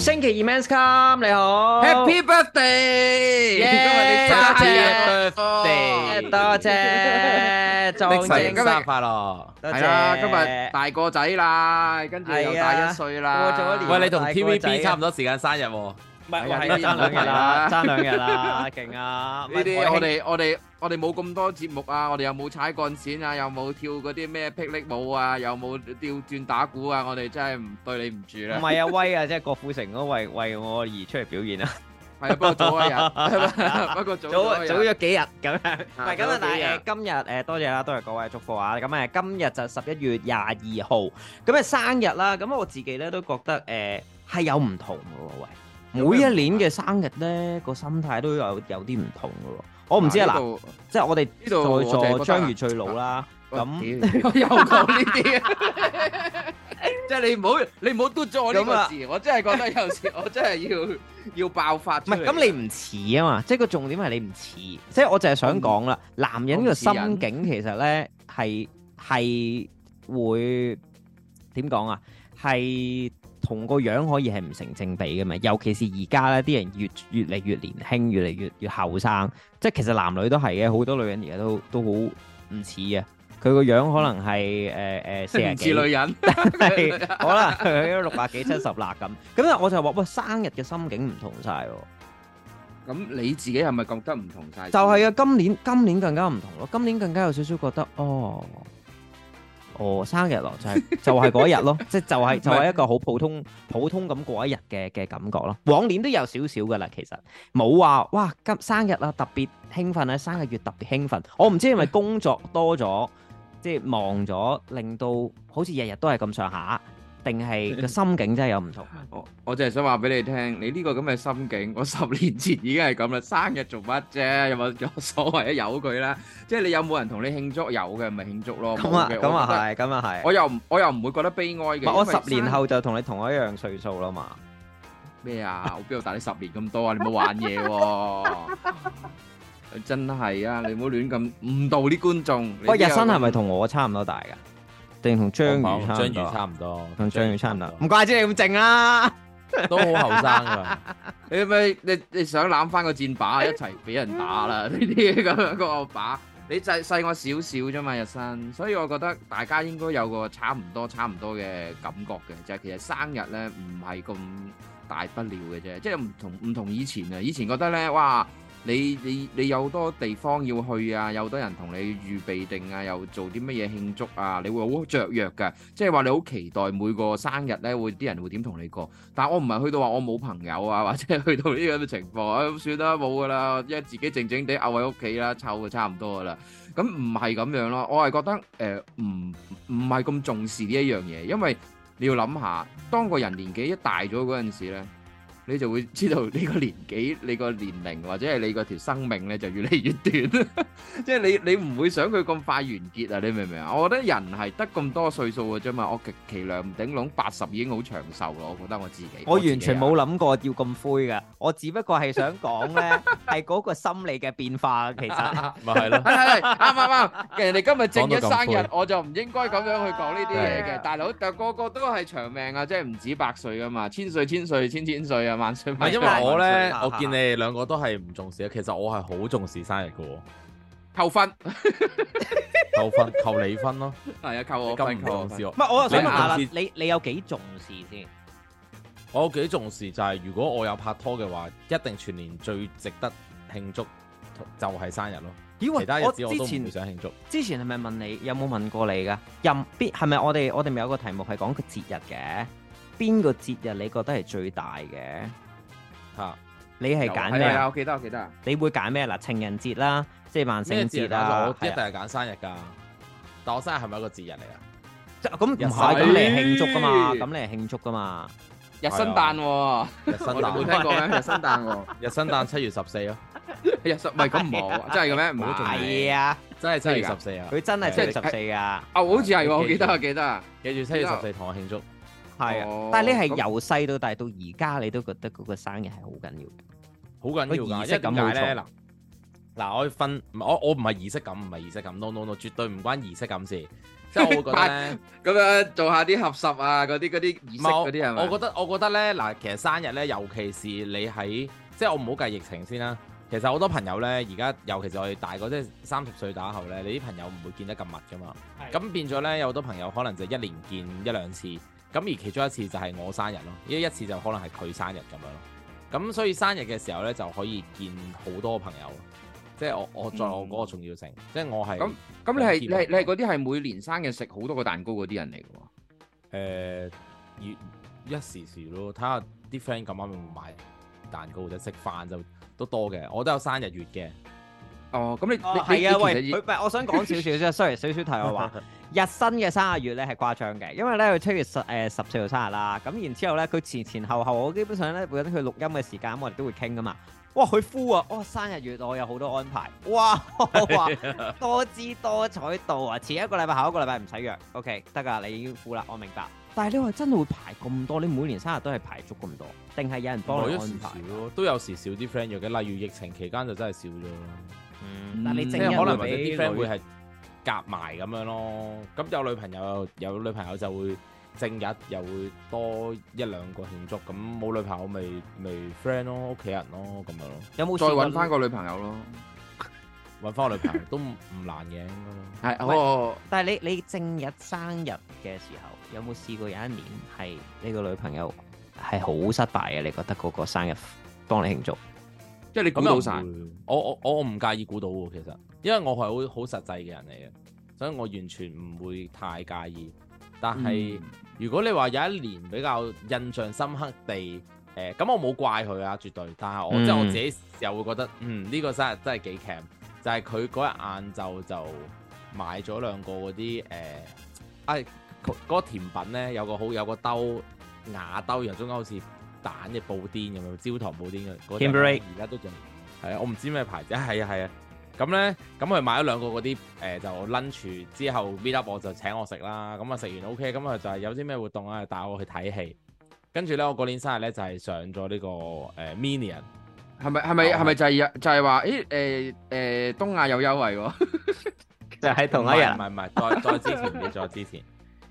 星期二 Men's Come 你好，Happy birthday，今日你生日啊，多謝，祝你生日快樂，係啦，今日大個仔啦，跟住又大一歲啦，喂，你同 TVB 差唔多時間生日喎，唔係，爭兩日啦，爭兩日啦，勁啊，呢啲我哋我哋。我哋冇咁多節目啊！我哋又冇踩鋼線啊，又冇跳嗰啲咩霹靂舞啊，又冇吊轉打鼓啊！我哋真係唔對你唔住啦～唔係啊威啊！即係郭富城嗰位為我而出嚟表演啊！係不過早啊，不過早早咗幾日咁啊！唔係咁啊，大隻今日誒多謝啦，多謝各位祝福啊！咁啊，今日就十一月廿二號咁啊生日啦！咁我自己咧都覺得誒係有唔同嘅喎，喂！每一年嘅生日咧個心態都有有啲唔同嘅喎。我唔知啊，嗱，即係我哋再做章魚最老啦。咁我又講呢啲啊，即係你唔好你唔好嘟咗我呢個字，我真係覺得有時我真係要要爆發出嚟。唔係咁你唔似啊嘛，即係個重點係你唔似，即係我淨係想講啦。男人嘅心境其實咧係係會點講啊？係。同個樣可以係唔成正比嘅嘛，尤其是而家咧，啲人越越嚟越年輕，越嚟越越後生，即係其實男女都係嘅，好多女人而家都都好唔似啊。佢個樣可能係誒誒四十幾唔似女人，可能佢六百幾七十啦咁，咁咧我就話喂，生日嘅心境唔同晒喎，咁你自己係咪覺得唔同晒？就係啊，今年今年更加唔同咯，今年更加有少少覺得哦。哦，生日、就是就是、咯， 就係、是、就係嗰一日咯，即係就係就係一個好普通普通咁過一日嘅嘅感覺咯。往年都有少少噶啦，其實冇話哇，今生日啊特別興奮啊，生日月特別興奮。我唔知係咪工作多咗，即係忙咗，令到好似日日都係咁上下，定係個心境真係有唔同。我我淨係想話俾你聽，你呢個咁嘅心境，我十年前已經係咁啦。生日做乜啫？有冇有所謂？有佢啦。即係你有冇人同你慶祝？有嘅咪慶祝咯。咁啊，咁啊係，咁啊係。我又我又唔會覺得悲哀嘅。我十年後就同你同我一樣歲數啦嘛。咩啊？我邊度大你十年咁多啊？你冇玩嘢喎！真係啊！你唔好亂咁誤導啲觀眾。喂，日新係咪同我差唔多大噶？定同章魚差唔多，同章魚差唔多。唔怪之你咁靜啦， 都好後生噶。你咪你你想攬翻個戰靶，一齊俾人打啦？呢啲咁樣個靶，你就細我少少啫嘛，日新。所以我覺得大家應該有個差唔多，差唔多嘅感覺嘅，就係其實生日咧唔係咁大不了嘅啫，即係唔同唔同以前啊。以前覺得咧，哇！你你你有多地方要去啊？有多人同你預備定啊？又做啲乜嘢慶祝啊？你會好雀躍㗎，即係話你好期待每個生日咧，會啲人會點同你過？但我唔係去到話我冇朋友啊，或者去到呢樣嘅情況，唉、啊，算啦，冇噶啦，因為自己靜靜地喺屋企啦，湊啊，差唔多噶啦。咁唔係咁樣咯，我係覺得誒，唔唔係咁重視呢一樣嘢，因為你要諗下，當個人年紀一大咗嗰陣時咧。你就會知道你個年紀，你個年齡或者係你嗰條生命咧就越嚟越短，即係你你唔會想佢咁快完結啊！你明唔明啊？我覺得人係得咁多歲數嘅啫嘛，我極其量唔頂籠八十已經好長壽咯。我覺得我自己，我完全冇諗過要咁灰嘅，我只不過係想講咧係嗰個心理嘅變化，其實咪係咯，啱啱啱人哋今日正日生日，我就唔應該咁樣去講呢啲嘢嘅，大佬就個個都係長命啊，即係唔止百歲噶嘛，千歲千歲千千歲啊！唔係唔因為我咧，我見你哋兩個都係唔重視啊。其實我係好重視生日嘅，扣分，扣分，扣你分咯。係啊，扣我分，扣我分。唔係我話想問下啦，你你有幾重視先？我幾重視就係如果我有拍拖嘅話，一定全年最值得慶祝就係生日咯。其他日子我都唔想慶祝。之前係咪問你有冇問過你噶？任必係咪我哋我哋咪有個題目係講佢節日嘅？邊個節日你覺得係最大嘅？吓，你係揀咩啊？我記得，我記得。你會揀咩？嗱，情人節啦，即係萬聖節啦，一定係揀生日噶。但係我生日係咪一個節日嚟？啊，咁唔係，咁你慶祝噶嘛？咁你慶祝噶嘛？日新誕喎，日新誕冇聽過咩？日新誕喎，日新誕七月十四咯。日十唔係咁冇，真係嘅咩？唔好做嘢啊！真係七月十四啊！佢真係七月十四噶。啊，好似係我記得啊，記得啊，記住七月十四同我慶祝。係，oh, 但係你係由細到大到而家，你都覺得嗰個生日係好緊要嘅，好緊要儀式咁解嗱，嗱錯，我分我我唔係儀式感，唔係儀式感，no no no，絕對唔關儀式感事。 即係我覺得咁 樣做下啲合十啊，嗰啲嗰啲儀式嗰啲係咪？我覺得我覺得咧，嗱，其實生日咧，尤其是你喺即係我唔好計疫情先啦，其實好多朋友咧而家，尤其是我哋大個即係三十歲打後咧，你啲朋友唔會見得咁密噶嘛。咁的變咗咧，有好多朋友可能就一年見一兩次。咁而其中一次就係我生日咯，因為一次就可能係佢生日咁樣咯。咁所以生日嘅時候咧，就可以見好多朋友，即係我我在我嗰個重要性，嗯、即係我係。咁咁你係你係你係嗰啲係每年生日食好多個蛋糕嗰啲人嚟嘅喎。一時時咯，睇下啲 friend 咁啱咪買蛋糕或者食飯就都多嘅。我都有生日月嘅。哦，咁你、哦、你係啊？喂，唔我想講 少少啫，雖然少少題外話。日新嘅生日月咧係誇張嘅，因為咧佢七月十誒、呃、十四號生日啦，咁然之後咧佢前前後後，我基本上咧每等佢錄音嘅時間，我哋都會傾噶嘛。哇，佢呼啊！我、哦、生日月我有好多安排，哇， 多姿多彩度！啊！前一個禮拜，下一個禮拜唔使約，OK 得噶，你已經呼啦，我明白。但係你話真係會排咁多？你每年生日都係排足咁多，定係有人幫你安排有有？都有時少啲 friend 嘅，例如疫情期間就真係少咗咯。嗯，即係可能或者啲 friend 會係。夾埋咁樣咯，咁有女朋友，有女朋友就會正日又會多一兩個慶祝，咁冇女朋友咪，咪 friend 咯，屋企人咯咁樣咯。有冇再搵翻個女朋友咯？搵翻個女朋友 都唔難嘅，應該咯。係 但係你你正日生日嘅時候，有冇試過有一年係你個女朋友係好失敗嘅？你覺得嗰個生日幫你慶祝，即係你估到晒。 我我我唔介意估到嘅，其實。因為我係好好實際嘅人嚟嘅，所以我完全唔會太介意。但係、嗯、如果你話有一年比較印象深刻地，誒、呃、咁我冇怪佢啊，絕對。但係我、嗯、即係我自己又會覺得，嗯呢、呢個生日真係幾強。就係佢嗰日晏晝就買咗兩個嗰啲誒，誒、呃哎那個、甜品咧有個好有個兜，瓦兜，然後中間好似蛋嘅布甸咁，焦糖布甸嘅，而家、那個、't 都仲係啊！我唔知咩牌子，係啊係啊。咁咧，咁佢買咗兩個嗰啲誒就 lunch 之後，VW 就請我食啦。咁啊食完 OK，咁啊就係有啲咩活動啊，帶我去睇戲。跟住咧，我過年生日咧就係、是、上咗呢、這個誒 Minion。係咪係咪係咪就係、是、就係話誒誒東亞有優惠喎？即係喺同一日？唔係唔係，再 再之前，唔係 再之前。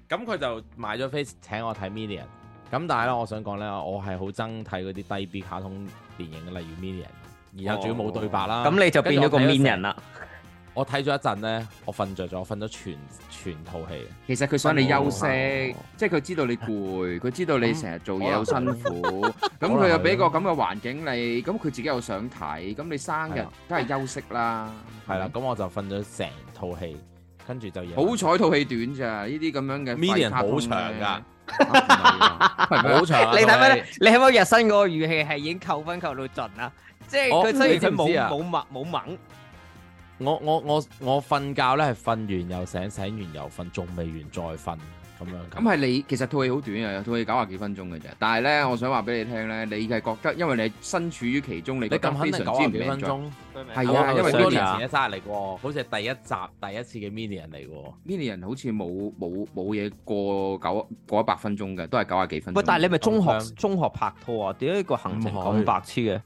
咁佢就買咗飛請我睇 Minion。咁但係咧，我想講咧，我係好憎睇嗰啲低 B 卡通電影，例如 Minion。然後仲要冇對白啦，咁你就變咗個面人啦。我睇咗一陣咧，我瞓著咗，瞓咗全全套戲。其實佢想你休息，即係佢知道你攰，佢知道你成日做嘢好辛苦，咁佢又俾個咁嘅環境你，咁佢自己又想睇，咁你生日梗係休息啦。係啦，咁我就瞓咗成套戲，跟住就好彩套戲短咋，呢啲咁樣嘅面人好長㗎，係咪好長？你睇咩咧？你係咪日新嗰個語氣係已經扣分扣到盡啦！即係佢真係佢冇冇冇猛。我我我我瞓覺咧係瞓完又醒，醒完又瞓，仲未完再瞓咁樣。咁係你其實套戲好短啊，套戲九廿幾分鐘嘅啫。但係咧，我想話俾你聽咧，你係覺得因為你身處於其中，你咁非常之明。分鐘係啊，吧吧因為多年前嘅生日嚟嘅，好似係第一集第一次嘅 Minion 嚟嘅。Minion 好似冇冇冇嘢過九過一百分鐘嘅，都係九廿幾分鐘。喂，但係你咪中學香中學拍拖啊？點解個行程咁白痴嘅？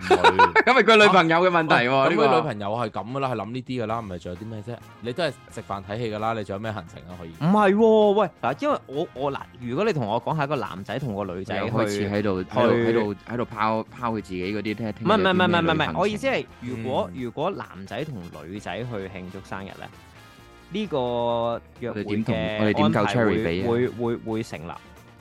咁係佢女朋友嘅問題喎，呢個女朋友係咁噶啦，係諗呢啲噶啦，唔係仲有啲咩啫？你都係食飯睇戲噶啦，你仲有咩行程啊？可以？唔係，喂，嗱，因為我我嗱，如果你同我講係下個男仔同個女仔，開始喺度，喺度，喺度，喺度拋拋佢自己嗰啲，唔係，唔係，唔係，唔係，唔係，我意思係，如果如果男仔同女仔去慶祝生日咧，呢個約會嘅安排會會會成立。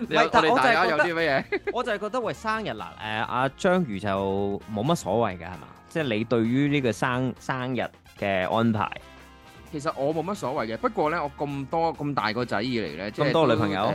唔係，但係我就係覺得，我就係覺得，喂，生日啦，誒，阿章魚就冇乜所謂嘅係嘛？即係你對於呢個生生日嘅安排，其實我冇乜所謂嘅。不過咧，我咁多咁大個仔以嚟咧，即係咁多女朋友，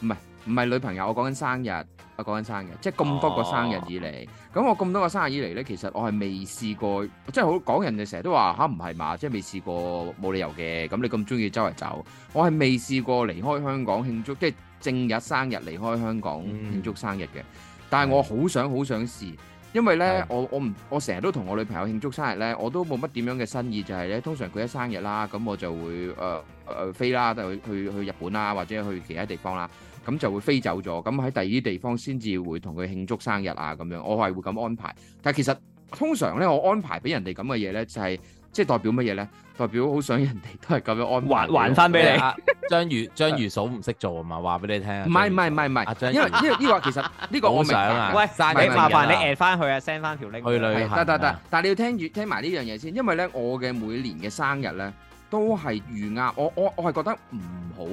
唔係唔係女朋友，我講緊生日，我講緊生日，即係咁多個生日以嚟。咁我咁多個生日以嚟咧，其實我係未試過，即係好講人哋成日都話吓唔係嘛，即係未試過冇理由嘅。咁你咁中意周圍走，我係未試過離開香港慶祝，即係。正日生日離開香港、嗯、慶祝生日嘅，但係我好想好的想試，因為呢，的我我唔我成日都同我女朋友慶祝生日呢，我都冇乜點樣嘅新意，就係、是、呢，通常佢一生日啦，咁我就會誒誒、呃呃、飛啦，就去去日本啦，或者去其他地方啦，咁就會飛走咗，咁喺第二啲地方先至會同佢慶祝生日啊咁樣，我係會咁安排。但係其實通常呢，我安排俾人哋咁嘅嘢呢，就係、是。即係代表乜嘢咧？代表好想人哋都係咁樣安還還翻俾你。章魚章魚嫂唔識做啊嘛，話俾你聽。唔係唔係唔係唔係，因為因為呢個其實呢個我明。我想啊。喂，但係幾麻煩，你誒翻佢啊，send 翻條 link。去旅行。得得得，但係你要聽住聽埋呢樣嘢先，因為咧我嘅每年嘅生日咧都係預壓，我我我係覺得唔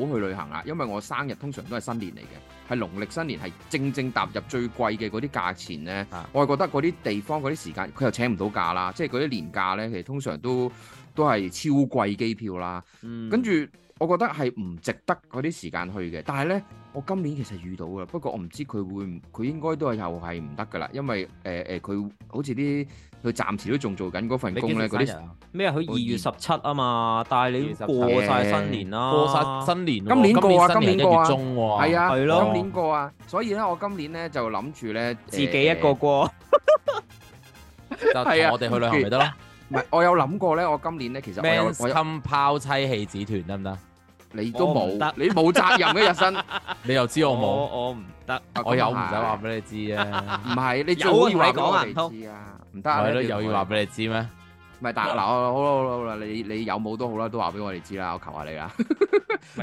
好去旅行啊，因為我生日通常都係新年嚟嘅。係農曆新年，係正正踏入最貴嘅嗰啲價錢呢，啊、我係覺得嗰啲地方嗰啲時間佢又請唔到假啦，即係嗰啲年假呢，其實通常都都係超貴機票啦，嗯、跟住我覺得係唔值得嗰啲時間去嘅，但係呢。我今年其實遇到㗎啦，不過我唔知佢會唔佢應該都係又係唔得噶啦，因為誒誒佢好似啲佢暫時都仲做緊嗰份工咧嗰啲咩啊？佢二月十七啊嘛，但係你過晒新年啦，過晒新年，今年過啊，今年過啊，中喎，係啊，係咯，今年過啊，所以咧我今年咧就諗住咧自己一個過，就係我哋去旅行咪得咯？唔係，我有諗過咧，我今年咧其實，我有我有拋妻棄子團得唔得？你都冇，你冇責任嘅日新，你又知我冇。我我唔得，我又唔使話俾你知啫。唔係，你仲要話俾我哋知啊？唔得啊！係咯，又要話俾你知咩？唔係，但嗱，好啦好啦好啦，你你有冇都好啦，都話俾我哋知啦，我求下你啦。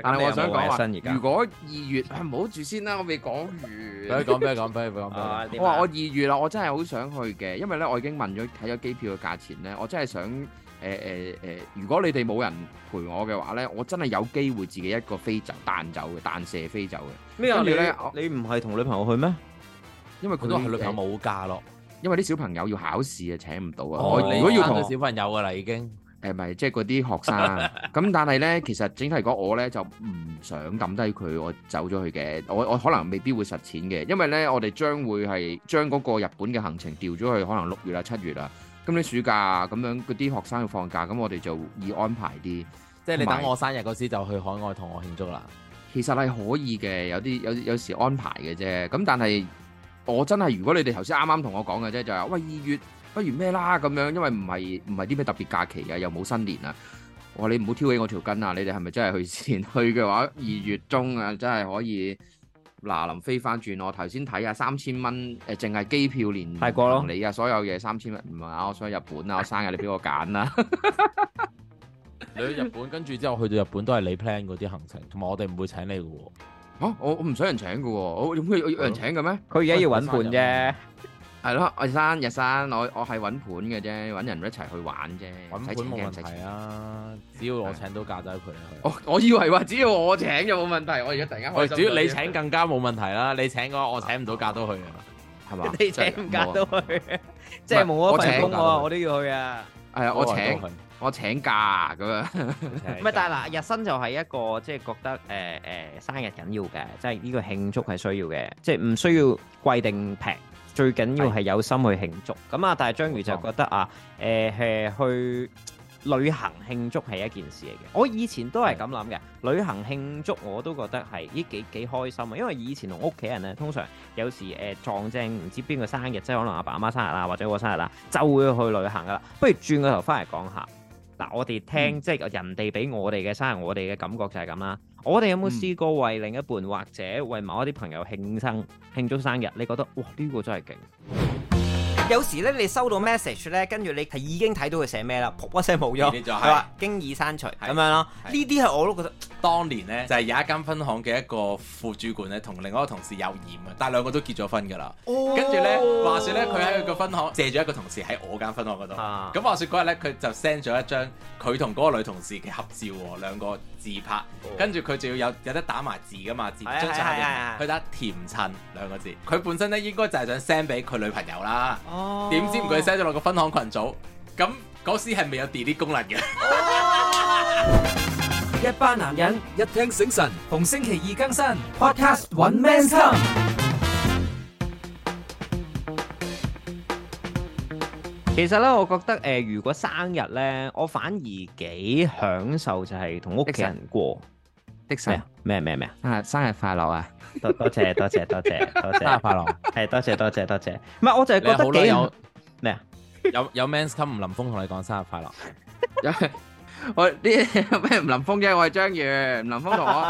但係我想講，如果二月係唔好住先啦，我未講完。唔好講咩講咩唔好講咩，我話我二月啦，我真係好想去嘅，因為咧我已經問咗睇咗機票嘅價錢咧，我真係想。誒誒誒，如果你哋冇人陪我嘅話咧，我真係有機會自己一個飛走彈走嘅彈射飛走嘅。咩啊？你你唔係同女朋友去咩？因為佢都係女朋友冇假咯。因為啲小朋友要考試啊，請唔到啊。我如果要同小朋友噶啦，已經誒咪即係嗰啲學生。咁但係咧，其實整體嚟講我咧就唔想抌低佢，我走咗去嘅。我我可能未必會實踐嘅，因為咧我哋將會係將嗰個日本嘅行程調咗去可能六月啊七月啊。今年暑假啊，咁樣嗰啲學生要放假，咁我哋就易安排啲。即係你等我生日嗰時就去海外同我慶祝啦。其實係可以嘅，有啲有有時安排嘅啫。咁但係我真係如果你哋頭先啱啱同我講嘅啫，就話、是、喂二月不如咩啦咁樣，因為唔係唔係啲咩特別假期嘅，又冇新年啊。我話你唔好挑起我條筋啊！你哋係咪真係去前去嘅話二月中啊，真係可以。嗱，臨飛翻轉我頭先睇下三千蚊，誒、呃，淨係機票連泰國咯，你啊所有嘢三千蚊唔係，我想去日本啊， 我生日你俾我揀啦。 你去日本，跟住之後去到日本都係你 plan 嗰啲行程，同埋我哋唔會請你嘅喎、啊啊。我我唔想人請嘅喎，我點解要人請嘅咩、啊？佢 而家要揾伴啫。係咯，日新日新，我我係揾盤嘅啫，揾人一齊去玩啫。揾盤冇問題啊，只要我請到假仔佢。我我以為話只要我請就冇問題，我而家突然間開心。只要你請更加冇問題啦，你請嘅話我請唔到假都去啊，係嘛？你請唔假都去，即係冇咗份工喎，我都要去啊。係啊，我請我請假啊，咁樣。咩？但係嗱，日新就係一個即係覺得誒誒生日緊要嘅，即係呢個慶祝係需要嘅，即係唔需要貴定平。最緊要係有心去慶祝咁啊！的但係章魚就覺得啊，誒係錯、呃、去旅行慶祝係一件事嚟嘅。我以前都係咁諗嘅，的旅行慶祝我都覺得係依幾幾開心啊！因為以前同屋企人咧，通常有時誒、呃、撞正唔知邊個生日，即係可能阿爸阿媽生日啦，或者我生日啦，就會去旅行噶啦。不如轉個頭翻嚟講下。嗱，我哋聽、嗯、即係人哋俾我哋嘅生日，我哋嘅感覺就係咁啦。我哋有冇試過為另一半、嗯、或者為某一啲朋友慶生、慶祝生日？你覺得哇，呢、呢個真係勁！有時咧，你收到 message 咧，跟住你係已經睇到佢寫咩啦，噗一聲冇咗，係啦，經已吧刪除咁是樣咯。呢啲係我都覺得，當年咧就係、是、有一間分行嘅一個副主管咧，同另外一個同事有染啊，但係兩個都結咗婚㗎啦。跟住咧話説咧，佢喺佢個分行借咗一個同事喺我間分行嗰度。咁、啊、話説嗰日咧，佢就 send 咗一張佢同嗰個女同事嘅合照喎，兩個，自拍，跟住佢仲要有有得打埋字噶嘛，字張張、啊、下佢、啊啊、打甜襯兩個字，佢本身咧應該就係想 send 俾佢女朋友啦，點、哦、知唔佢 send 咗落個分行群組，咁嗰時係未有 delete 功能嘅。哦、 一班男人一聽醒神，逢星期二更新 Podcast Men's Come。其實咧，我覺得誒，如果生日咧，我反而幾享受，就係同屋企人過。的神咩咩咩啊！啊，生日快樂啊！多多謝多謝多謝多謝，生日快樂，係多謝多謝多謝。唔係我就係覺得好有咩啊？有有 Men's Come 吳林峰同你講生日快樂。我呢咩吳林峰啫，我係章魚。吳林峰同我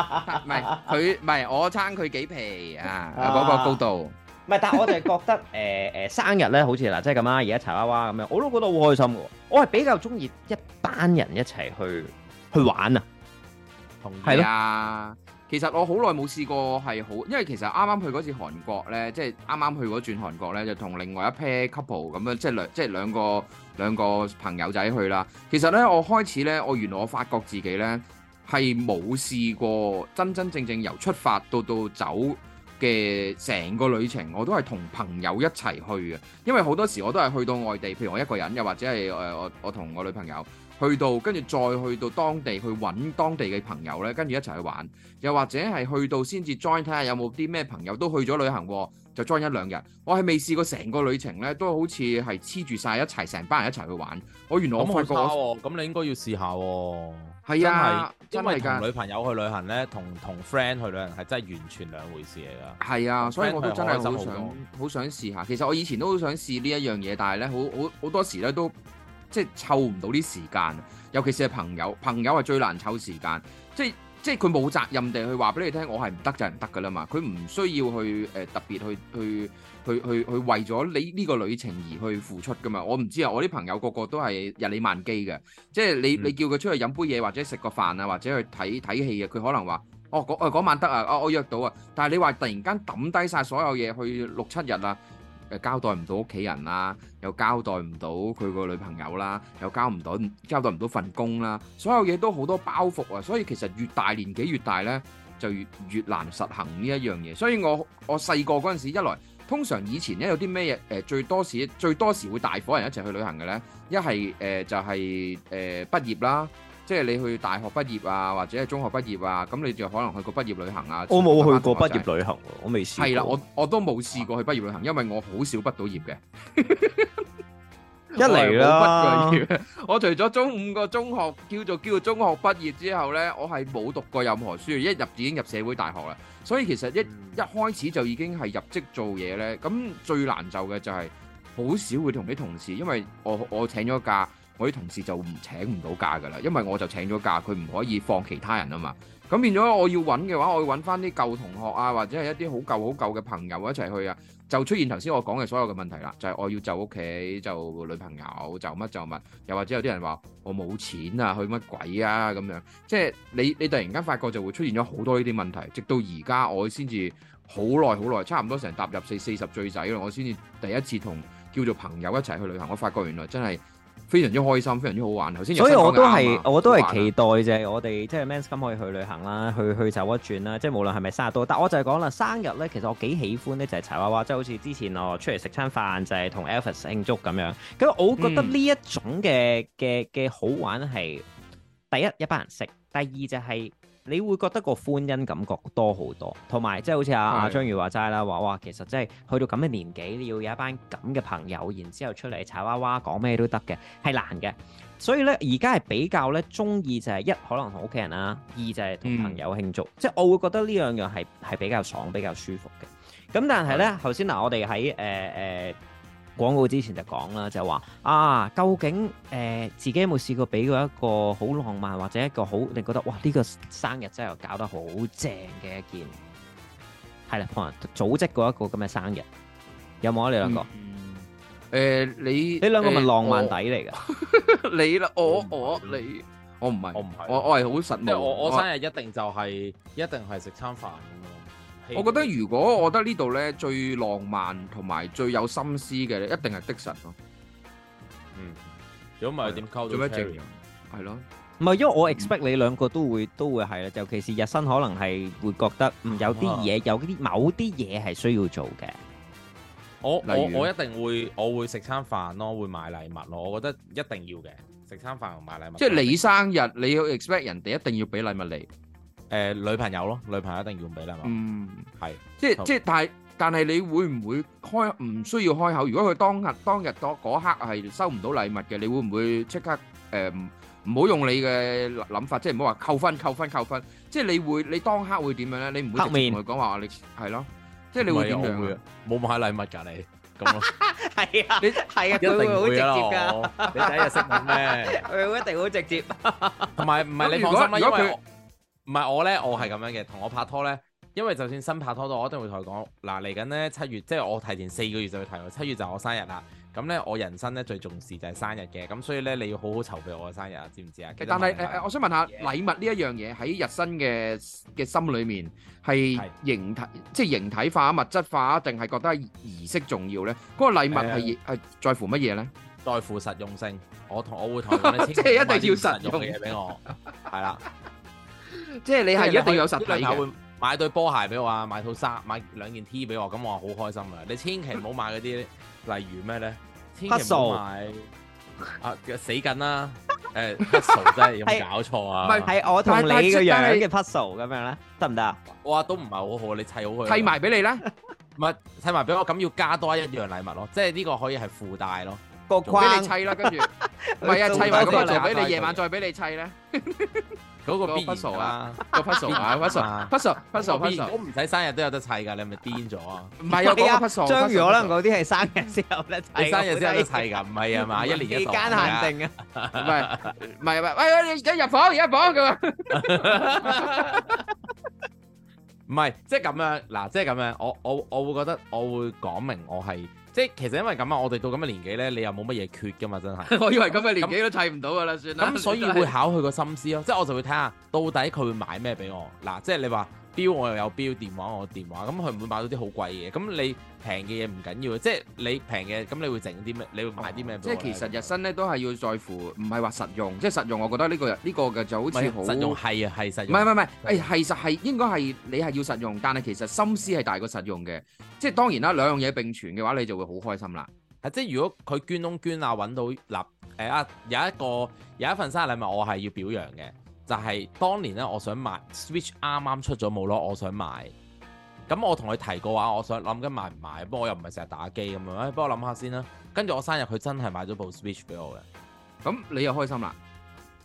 唔係佢，唔係我撐佢幾皮啊？嗰個高度。唔係， 但係我就覺得誒誒、呃呃、生日咧，好似嗱，即係咁啦，而家柴娃娃咁樣，我都覺得好開心嘅。我係比較中意一班人一齊去去玩啊。同係咯，的的其實我好耐冇試過係好，因為其實啱啱去嗰次韓國咧，即係啱啱去嗰轉韓國咧，就同另外一 pair couple 咁樣，即係兩即係兩個兩個朋友仔去啦。其實咧，我開始咧，我原來我發覺自己咧係冇試過真真正正，正，正正由出發到到走，嘅成個旅程我都係同朋友一齊去嘅，因為好多時我都係去到外地，譬如我一個人，又或者係誒我我同我，我女朋友去到，跟住再去到當地去揾當地嘅朋友呢，跟住一齊去玩，又或者係去到先至 join 睇下有冇啲咩朋友都去咗旅行，就 join 一兩日。我係未試過成個旅程呢都好似係黐住晒，一齊，成班人一齊去玩。我原來我冇覺冇去過咁咁、哦、你應該要試下喎、哦。係啊，因為同女朋友去旅行呢，同同 friend 去旅行係真係完全兩回事嚟㗎。係啊，所以我都真係好想好想試下。其實我以前都好想試呢一樣嘢，但係呢，好好好多時呢都即係湊唔到啲時間。尤其是係朋友，朋友係最難湊時間。即係即係佢冇責任地去話俾你聽，我係唔得就唔得㗎啦嘛。佢唔需要去誒、呃、特別去去。佢去去，去為咗你呢個旅程而去付出噶嘛？我唔知啊。我啲朋友個個都係日理萬機嘅，即係你你叫佢出去飲杯嘢，或者食個飯啊，或者去睇睇戲啊，佢可能話哦嗰晚得啊，啊、哦、我約到啊。但係你話突然間抌低晒所有嘢去六七日啊，誒交代唔到屋企人啦，又交代唔到佢個女朋友啦，又交唔到交代唔到份工啦，所有嘢都好多包袱啊。所以其實越大年紀越大呢，就越越難實行呢一樣嘢。所以我我細個嗰陣時一來。.通常以前咧，有啲咩嘢誒最多時，最多時會大伙人一齊去旅行嘅咧，一係誒就係、是、誒、呃、畢業啦，即係你去大學畢業啊，或者係中學畢業啊，咁你就可能去過畢、啊、畢，畢業旅行啊。我冇去過畢業旅行，我未試。係啦，我我都冇試過去畢業旅行，因為我好少畢到業嘅。 一嚟啦， 我除咗中五個中學叫做叫做中學畢業之後呢，我係冇讀過任何書，一入已經入社會大學啦，所以其實一、嗯、一開始就已經係入職做嘢呢。咁最難就嘅就係、是、好少會同啲同事，因為我我請咗假。我啲同事就唔請唔到假噶啦，因為我就請咗假，佢唔可以放其他人啊嘛。咁變咗我要揾嘅話，我要揾翻啲舊同學啊，或者係一啲好舊好舊嘅朋友一齊去啊，就出現頭先我講嘅所有嘅問題啦。就係我要就屋企，就女朋友，就乜就乜，又或者有啲人話我冇錢啊，去乜鬼啊咁樣。即係你你突然間發覺就會出現咗好多呢啲問題，直到而家我先至好耐好耐，差唔多成日踏入四四十歲仔啦，我先至第一次同叫做朋友一齊去旅行，我發覺原來真係～非常之開心，非常之好玩。頭先，所以我都係，我都係期待啫。啊、我哋即係 Men's Come 可以去旅行啦，去去走一轉啦。即係無論係咪生日都，但我就係講啦，生日咧，其實我幾喜歡咧，就係柴娃娃，即、就、係、是、好似之前我出嚟食餐飯，就係同 Elvis 慶祝咁樣。咁我覺得呢一種嘅嘅嘅好玩係第一一班人食，第二就係、是。你會覺得個歡欣感覺多好多，同埋即係好似阿阿章魚話齋啦，話是的、啊、哇其實即、就、係、是、去到咁嘅年紀，你要有一班咁嘅朋友，然之後出嚟踩娃娃講咩都得嘅，係難嘅。所以咧，而家係比較咧鍾意就係一可能同屋企人啦，二就係同朋友慶祝，嗯、即係我會覺得呢兩樣係係比較爽、比較舒服嘅。咁但係咧，頭先嗱，我哋喺誒誒。呃呃呃廣告之前就講啦，就話啊，究竟誒自己有冇試過俾過一個好浪漫或者一個好你覺得哇呢個生日真係搞得好正嘅一件，係啦，可能組織過一個咁嘅生日有冇啊？你兩個，誒你你兩個咪浪漫底嚟㗎？你啦，我我你我唔係我唔係我我係好實，因為我我生日一定就係一定係食餐飯。我覺得如果我覺得呢度咧最浪漫同埋最有心思嘅，一定係的神咯。嗯，如果唔係點溝？做咩情人？係咯，唔係因為我 expect 你兩個都會都會係啦，尤其是日新可能係會覺得嗯有啲嘢有啲某啲嘢係需要做嘅。我我我一定會我會食餐飯咯，會買禮物咯。我覺得一定要嘅食餐飯同買禮物，即係你生日你要 expect 人哋一定要俾禮物你。誒女朋友咯，女朋友一定要俾啦嘛。嗯，係，即係即係，但係但係，你會唔會開唔需要開口？如果佢當日當日當嗰刻係收唔到禮物嘅，你會唔會即刻誒，唔好用你嘅諗法，即係唔好話扣分扣分扣分。即係你會你當刻會點樣咧？你唔會直接同佢講話你係咯？即係你會點樣？唔會啊！冇買禮物㗎你，咁咯，係啊，你係啊，佢會好直接㗎。你第一日識佢咩？佢會一定好直接。同埋唔係你放心啦，因為。唔係我咧，我係咁樣嘅。同我拍拖咧，因為就算新拍拖都，我一定會同佢講嗱，嚟緊咧七月，即係我提前四個月就去提我。七月就係我生日啦，咁咧我人生咧最重視就係生日嘅，咁所以咧你要好好籌備我嘅生日，知唔知啊？但係是、呃、我想問下禮 Yeah. 物呢一樣嘢喺日新嘅嘅心裏面係形體，是即係形體化物質化定係覺得儀式重要咧？嗰、嗰個禮物係係、啊、在乎乜嘢咧？在乎實用性，我同我，我會同你講，即係一定要實用嘅嘢俾我，係啦。 即係你係一定要有實體嘅，買對波鞋俾我啊，買套衫，買兩件 T 俾我，咁我好開心啊。你千祈唔好買嗰啲，例如咩咧？Puzzle 啊，死緊啦！誒，Puzzle 真係有冇搞錯啊！係我同你嘅樣嘅 Puzzle 咁樣咧，得唔得啊？我話都唔係好好，你砌好佢，砌埋俾你啦。唔係砌埋俾我，咁要加多一樣禮物咯，即係呢個可以係附帶咯。俾你砌啦，跟住唔係啊，砌埋咁就俾你夜晚再俾你砌咧。嗰個 puzzle 啊，嗰個 puzzle 啊，puzzle 啊 puzzle，puzzle，puzzle，我唔使生日都有得砌噶，你係咪癲咗啊？唔係有啲多 puzzle 章魚可能嗰啲係生日先有得砌噶，你生日先有得砌噶，唔係啊嘛？一年一間限定啊？唔係唔係唔係，喂喂，而家入房而家房咁樣？唔係，即係咁樣嗱，即係咁樣，我我我會覺得，我會講明我係。即其實因為咁啊，我哋到咁嘅年紀咧，你又冇乜嘢缺噶嘛，真係。 我以為咁嘅年紀都砌唔到噶啦，算啦。咁所以會考佢個心思咯，即係 我就會睇下到底佢會買咩俾我。嗱，即係你話。表我又有表，電話我電話，咁佢唔會買到啲好貴嘅。咁你平嘅嘢唔緊要，即係你平嘅，咁你會整啲咩？你會買啲咩，哦？即係其實日新咧都係要在乎，唔係話實用，即係實用。我覺得呢、呢個呢、呢個嘅就好似好實用，係啊係實用。唔係唔係唔係，誒係實係用、哎、應該係你係要實用，但係其實心思係大過實用嘅。即係當然啦，兩樣嘢並存嘅話，你就會好開心啦。即係如果佢捐窿捐啊揾到立，誒、呃、啊有一個，有一個，有一份生日禮物，我係要表揚嘅。就係當年咧，我想買 Switch 啱啱出咗冇咯，我想買。咁我同佢提過話，我想諗緊買唔買，不過我又唔係成日打機咁樣，欸，幫我諗下先啦。跟住我生日佢真係買咗部 Switch 俾我嘅，咁你又開心啦？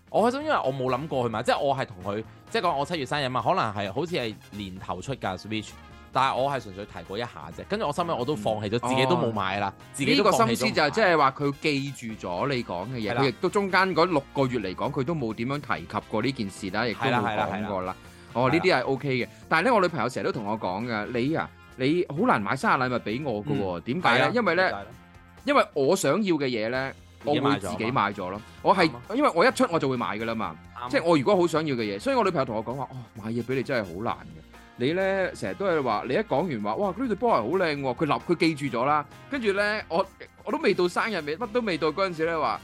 我開心因為我冇諗過去買，即係我係同佢即係講我七月生日嘛，可能係好似係年頭出㗎 Switch。但係我係純粹提過一下啫，跟住我心諗我都放棄咗，自己都冇買啦。自己個心思就係即係話佢記住咗你講嘅嘢，佢亦都中間嗰六個月嚟講，佢都冇點樣提及過呢件事啦，亦都冇講過啦。哦，呢啲係 OK 嘅。但係咧，我女朋友成日都同我講嘅，你啊，你好難買生日禮物俾我嘅喎。點解咧？因為咧，因為我想要嘅嘢咧，我會自己買咗咯。我係因為我一出我就會買嘅啦嘛。即係我如果好想要嘅嘢，所以我女朋友同我講話，哦，買嘢俾你真係好難嘅。你咧成日都係話，你一講完話，哇！呢對波鞋好靚喎，哦，佢立佢記住咗啦。跟住咧，我我都未到生日未，乜都未到嗰陣時咧話，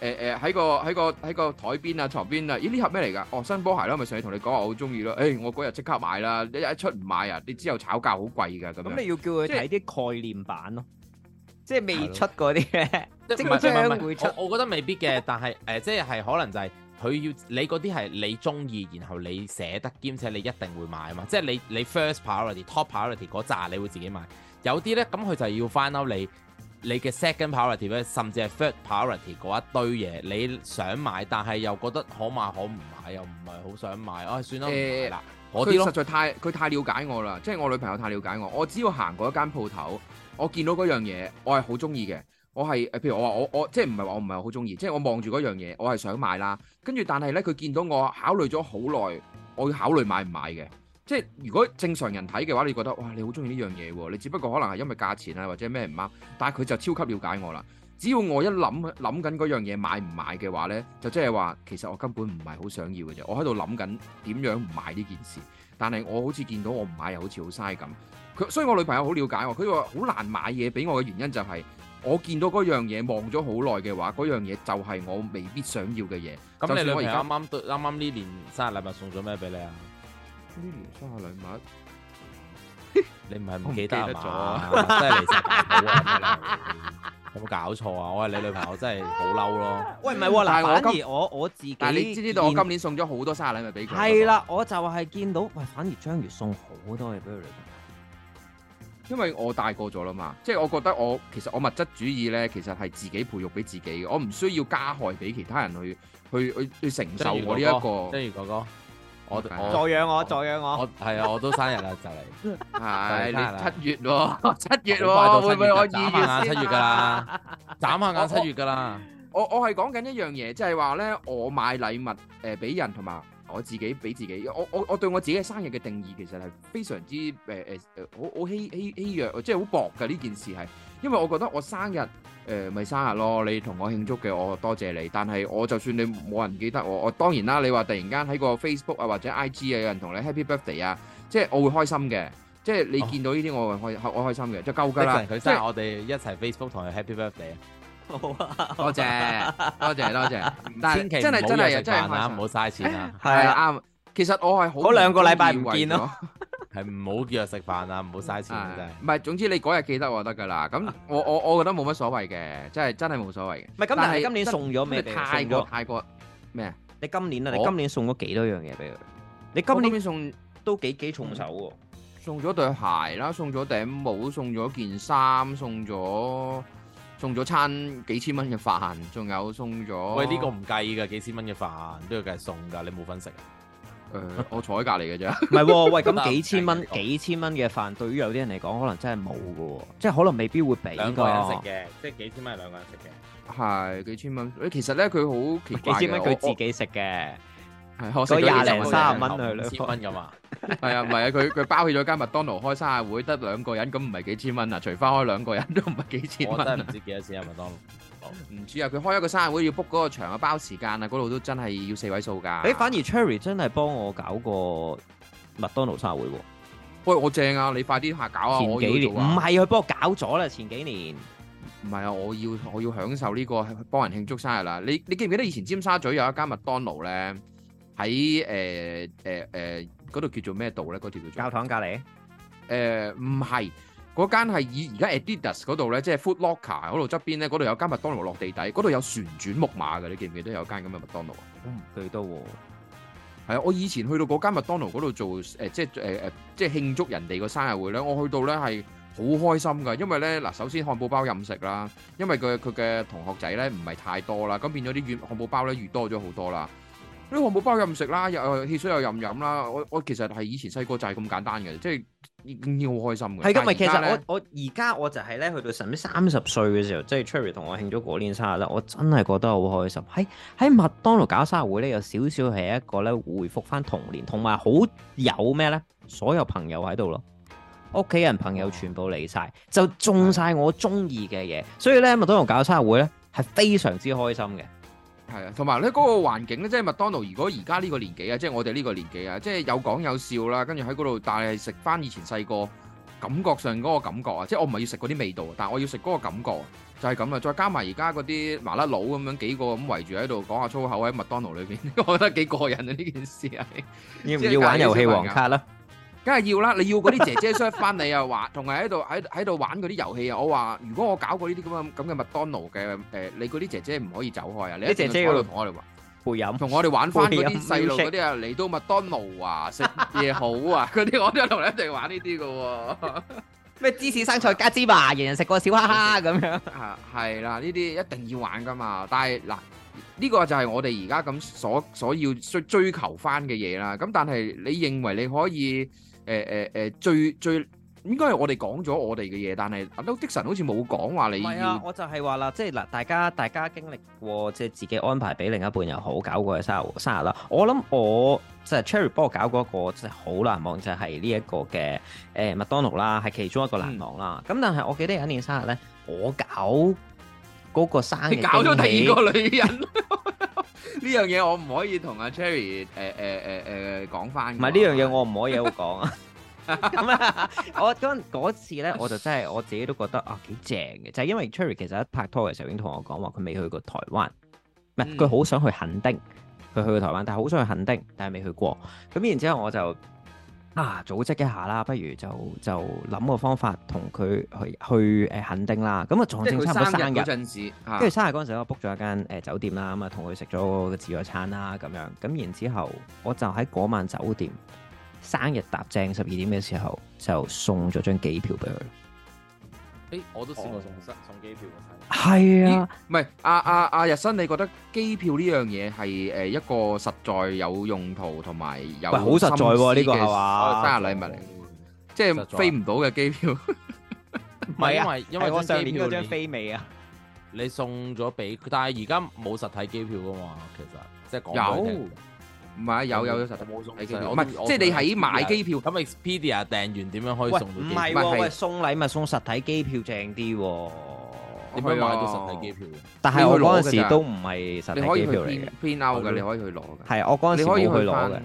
誒誒喺個喺個喺個台邊啊牀邊啊，咦呢盒咩嚟㗎？哦，新波鞋咯，咪上次同你講我好中意咯。誒、欸、我嗰日即刻買啦，一出唔買啊，你之後炒價好貴㗎咁。咁你要叫佢睇啲概念版咯，即係未出嗰啲咧，即係會出。我，我覺得未必嘅，但係誒、呃、即係係可能就係、是。佢要你嗰啲係你中意，然後你捨得，兼且你一定會買嘛。即係你你 first priority、top priority 嗰扎，你會自己買。有啲呢，咁，佢就係要 find out 你你嘅 second priority 咧，甚至係 third priority 嗰一堆嘢，你想買但係又覺得可買可唔買，又唔係好想買啊、哎，算啦。嗱、欸，啦，我啲實在太佢太了解我啦，即、就、係、是、我女朋友太了解我。我只要行過一間鋪頭，我見到嗰樣嘢，我係好中意嘅。我係譬如我話我我即係唔係話我唔係好中意，即係我望住嗰樣嘢，我係想買啦。跟住但係呢，佢見到我考慮咗好耐，我要考慮買唔買嘅。即係如果正常人睇嘅話，你覺得哇，你好中意呢樣嘢喎，你只不過可能係因為價錢啊或者咩唔啱，但係佢就超級了解我啦。只要我一諗諗緊嗰樣嘢買唔買嘅話呢，就即係話其實我根本唔係好想要嘅啫。我喺度諗緊點樣唔買呢件事，但係我好似見到我唔買又好似好嘥咁。佢所以我女朋友好了解我，佢話好難買嘢俾我嘅原因就係、是。我見到嗰樣嘢望咗好耐嘅話，嗰樣嘢就係我未必想要嘅嘢。咁你女朋友啱啱啱啱呢年生日禮物送咗咩俾你啊？呢年生，生日禮物，你唔係唔記得 啊？真係嚟實冇啊！有冇 搞錯啊？我係你女朋友真係好嬲咯！喂唔係嗱，反而，呃、我我自己，但係你知道見知道我今年送咗好多生日禮物俾佢？係啦對，多說 我就係見到喂，呃，反而章魚送好多嘢俾佢。因為我大個咗啦嘛，即係我覺得我其實我物質主義咧，其實係自己培育俾自己嘅，我唔需要加害俾其他人去去去去承受我呢一個。正如哥哥，我助養我，助養我。我係啊，我都生日啦，就嚟。係你七月喎，七月喎，會唔會我二月先啊？七月㗎啦，眨下眼七月㗎啦。我我係講緊一樣嘢，即係話咧，我買禮物誒俾人同埋。我自己俾自己，我我我對我自己嘅生日嘅定義其實係非常之誒誒誒，好好稀稀稀弱，即係好薄嘅呢件事係，因為我覺得我生日誒咪、呃、生日咯，你同我慶祝嘅我多謝你，但係我就算你冇人記得我，我當然啦，你話突然間喺個 Facebook 啊或者 IG 啊有人同你 Happy Birthday 啊，即係我會開心嘅，即係你見到呢啲我我開我開心嘅即、哦、就夠㗎啦。即生、就是、我哋一齊 Facebook 同你 Happy Birthday，啊。好啊！多謝多謝多謝，但係真係真係真係快，唔好嘥錢啊！係啊啱，其實我係好兩個禮拜唔見咯，係唔好約食飯啊，唔好嘥錢真係。唔係，總之你嗰日記得我得㗎喇。咁我我我覺得冇乜所謂嘅，真係真係冇所謂嘅。唔係咁，但係今年送咗咩？泰國泰國咩啊？你今年啊？你今年送咗幾多樣嘢俾佢？你今年送都幾幾重手喎？送咗對鞋啦，送咗頂帽，送咗件衫，送咗。送咗餐幾千蚊嘅飯，仲有送咗。喂，呢個唔計噶，幾千蚊嘅飯都要計送噶，你冇份食。誒，我坐喺隔籬嘅啫。唔係，喂，咁幾千蚊，幾千蚊嘅飯，對於有啲人嚟講，可能真係冇噶，即係可能未必會俾。兩個人食嘅，即係幾千蚊係兩個人食嘅。係，幾千蚊。其實咧佢好奇怪，幾千蚊佢自己食嘅，係學以廿零三十蚊去啦，兩千蚊咁啊。 係啊，唔係啊，佢佢包起咗間麥當勞開生日會，得兩個人，咁唔係幾千蚊啊？除翻開兩個人都唔係幾千蚊。我真係唔知幾多錢啊！麥當勞唔知啊，佢開一個生日會要 book 嗰個場啊，包時間啊，嗰度都真係要四位數噶。誒，反而 Cherry 真係幫我搞過麥當勞生日會喎。喂，我正啊，你快啲下搞啊！前幾年唔係佢幫我搞咗啦，前幾年。唔係啊，我要我要享受呢個幫人慶祝生日啦。你你記唔記得以前尖沙咀有一間麥當勞咧？喺誒誒誒嗰度叫做咩道咧？嗰條叫教堂隔離？誒唔係，嗰間係以而家 Adidas 嗰度咧，即係 Foot Locker 嗰度側邊咧，嗰度有間麥當勞落地底，嗰度有旋轉木馬嘅。你記唔記得有間咁嘅麥當勞啊？唔記得喎。係啊，我以前去到嗰間麥當勞嗰度做誒，即係誒誒，即係慶祝人哋個生日會咧，我去到咧係好開心㗎，因為咧嗱，首先漢堡包任食啦，因為佢佢嘅同學仔咧唔係太多啦，咁變咗啲越漢堡包咧越多咗好多啦。你話冇包任食啦，又汽水又任飲啦。我我其實係以前細個就係咁簡單嘅，即係已經好開心嘅。係咁，咪 其實我我而家我就係咧，去到甚至三十歲嘅時候，即係 Cherry 同我慶咗嗰年生日咧，我真係覺得好開心。喺喺麥當勞搞生日會咧，有少少係一個咧回覆翻童年，同埋好有咩咧？所有朋友喺度咯，屋企人朋友全部嚟晒，就中晒我中意嘅嘢，所以咧麥當勞搞生日會咧係非常之開心嘅。係啊，同埋咧嗰個環境咧，即係麥當勞。如果而家呢個年紀啊，即係我哋呢個年紀啊，即係有講有笑啦，跟住喺嗰度，但係食返以前細個感覺上嗰個感覺啊，即係我唔係要食嗰啲味道，但係我要食嗰個感覺，就係咁啦。再加埋而家嗰啲麻甩佬咁樣幾個咁圍住喺度講下粗口喺麥當勞裏邊，我覺得幾過癮啊！呢件事係要唔要玩，玩遊戲王卡咧？梗係要啦！你要嗰啲姐姐甩翻嚟啊，你又話同埋喺度喺喺度玩嗰啲遊戲啊！我話如果我搞過呢啲咁啊咁嘅麥當勞嘅誒，你嗰啲姐姐唔可以走開啊！你姐姐要同我哋玩陪飲，同我哋玩翻嗰啲細路嗰啲啊，嚟到麥當勞啊，食嘢好啊，嗰啲，我都同你一定玩呢啲嘅喎。咩芝士生菜加芝麻，人人食過小哈哈咁樣啊！係啦，呢啲一定要玩噶嘛！但係嗱，呢個就係我哋而家咁所所要追追求翻嘅嘢啦。咁但係你認為你可以？誒誒誒，最最應該係我哋講咗我哋嘅嘢，但係阿的神好似冇講話你要。唔係啊，我就係話啦，即係嗱，大家大家經歷過即係自己安排俾另一半又好，搞過嘅生日生日啦。我諗我即係、就是、Cherry 幫我搞嗰個即係好難忘，就係呢一個嘅誒、欸、麥當勞啦，係其中一個難忘啦。咁、嗯、但係我記得有一年生日咧，我搞。嗰個生你搞咗第二個女人呢樣嘢， 我唔可以同阿 Cherry 誒、呃、誒誒誒講翻唔係呢樣嘢，呃呃、我唔可以講啊。咁啊， 我嗰次咧，我就真係我自己都覺得啊幾、哦、正嘅，就係、是、因為 Cherry 其實喺拍拖嘅時候已經同我講話，佢未去過台灣，唔係佢好想去墾丁，佢去過台灣，但係好想去墾丁，但係未去過。咁然之後我就。啊！組織一下啦，不如就就諗個方法同佢去去誒、呃、肯定啦。咁、嗯、啊，撞正差唔多生日嗰陣時，跟住生日嗰陣時，我 book 咗一間誒、呃、酒店啦，咁啊同佢食咗個自助餐啦，咁樣。咁然之後，我就喺嗰晚酒店生日搭正十二點嘅時候，就送咗張機票俾佢。誒、欸，我都試過送、oh. 送機票嘅係啊，唔係阿阿阿日新，你覺得機票呢樣嘢係誒一個實在有用途同埋有好實在呢、啊這個啊嘛生日禮物嚟，哦、即係飛唔到嘅機票，唔係在、 啊、因為，因為我上年嗰張飛未啊，你送咗俾佢，但係而家冇實體機票噶嘛，其實即係講。有。唔係啊，有有實體冇送機票，唔係即係你喺買機票咁，咪 Expedia 訂完點樣可以送到？唔係，唔係送禮物送實體機票正啲喎，你可以買到實體機票。但係我嗰陣時都唔係實體機票嚟嘅，你去邊邊攞嘅？你可以去攞嘅。係我嗰陣時，你可以去攞嘅。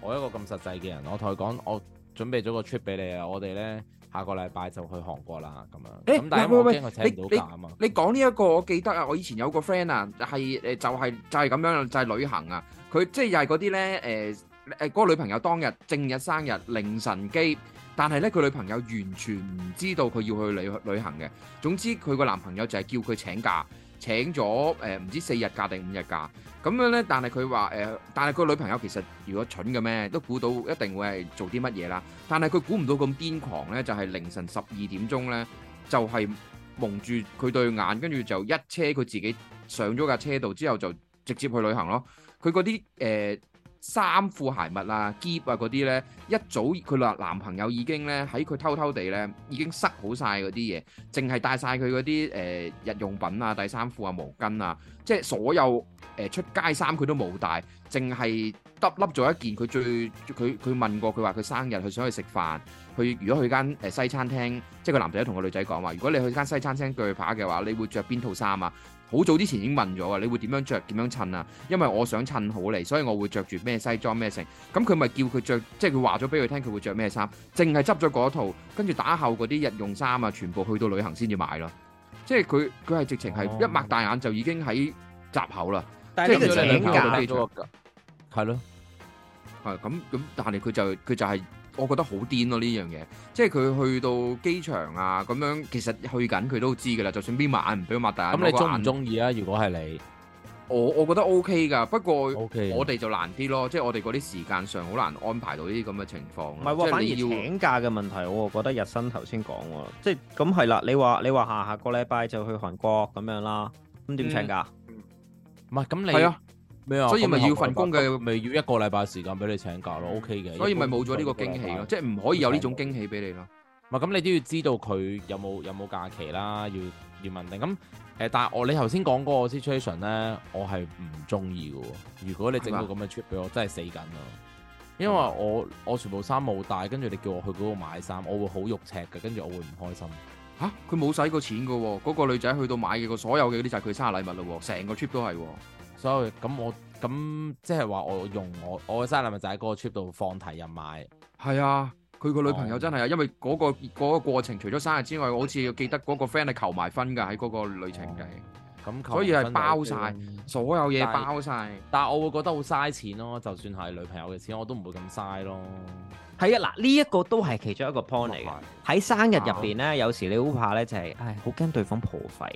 我一個咁實際嘅人，我同佢講，我準備咗個 trip 俾你啊！我哋咧下個禮拜就去韓國啦，咁樣咁，但係我驚佢請唔到假啊嘛。你講呢一個，我記得啊！我以前有個 friend 啊，係誒就係就係咁樣就係旅行啊。佢即係又係嗰啲呢，誒誒嗰個女朋友當日正日生日凌晨機，但係呢，佢女朋友完全唔知道佢要去旅旅行嘅。總之佢個男朋友就係叫佢請假，請咗誒唔知四日假定五日假咁樣呢。但係佢話誒，但係佢女朋友其實如果蠢嘅咩，都估到一定會係做啲乜嘢啦。但係佢估唔到咁癲狂、就係、呢，就係凌晨十二點鐘呢，就係蒙住佢對眼，跟住就一車佢自己上咗架車度之後就直接去旅行咯。佢嗰啲誒衫褲鞋襪啊、夾啊嗰啲咧，一早佢話男朋友已經咧喺佢偷偷地咧，已經塞好晒嗰啲嘢，淨係帶晒佢嗰啲誒日用品啊、帶衫褲啊、毛巾啊，即係所有誒、呃、出街衫佢都冇帶，淨係耷笠咗一件。佢最佢佢問過佢話佢生日，佢想去食飯。佢如果去間誒西餐廳，即係個男仔同個女仔講話，如果你去間西餐廳鋸扒嘅話，你會着邊套衫啊？好早之前已經問咗啊！你會點樣着，點樣襯啊？因為我想襯好嚟，所以我會着住咩西裝咩成。咁佢咪叫佢着，即係佢話咗俾佢聽，佢會着咩衫？淨係執咗嗰套，跟住打後嗰啲日用衫啊，全部去到旅行先至買咯。即係佢佢係直情係一擘大眼就已經喺閘口啦。即係整牙嘅基礎。係咯，係咁咁，但係佢就佢就係、是。我覺得好癲咯呢樣嘢，即係佢去到機場啊咁樣，其實去緊佢都知噶啦，就算邊晚唔俾佢擘大眼，咁你中唔中意啊？如果係你，我我覺得 OK 噶，不過我哋就難啲咯，即係我哋嗰啲時間上好難安排到呢啲咁嘅情況。唔係反而請假嘅問題，我覺得日新頭先講喎，即係咁係啦。你話你話下下個禮拜就去韓國咁樣啦，咁點請假？唔係咁你。啊、所以咪要份工嘅，咪要一個禮拜時間俾你請假咯，OK 嘅。所以咪冇咗呢個驚喜咯，即係唔可以有呢種驚喜俾你咯。係咁，你都要知道佢有冇有冇假期啦，要要問定。咁誒，但係我你頭先講嗰個 situation 咧，我係唔中意嘅。如果你整到咁嘅 trip 俾我，嗎真係死緊咯。因為我我全部衫冇帶，跟住你叫我去嗰度買衫，我會好肉赤嘅，跟住我會唔開心。吓、啊，佢冇使過錢嘅，嗰、嗰個女仔去到買嘅個所有嘅啲就係佢生日禮物啦，成個 trip 都係。所以咁我咁即係話我用我我嘅生日禮物咪就喺嗰個 trip 度放題入買係啊，佢個女朋友真係啊，因為嗰、那個嗰、oh. 個過程除咗生日之外，我好似要記得嗰個 friend 係求埋婚噶喺嗰個旅程嘅，oh. 嗯、求所以係包晒、嗯、所有嘢包晒。但係是我會覺得好嘥錢咯，就算係女朋友嘅錢，我都唔會咁嘥咯。係啊、嗯，嗱呢一個都係其中一個 point 嚟嘅。喺生日入邊咧，對有時你好怕咧就係、是，唉，好驚對方破費。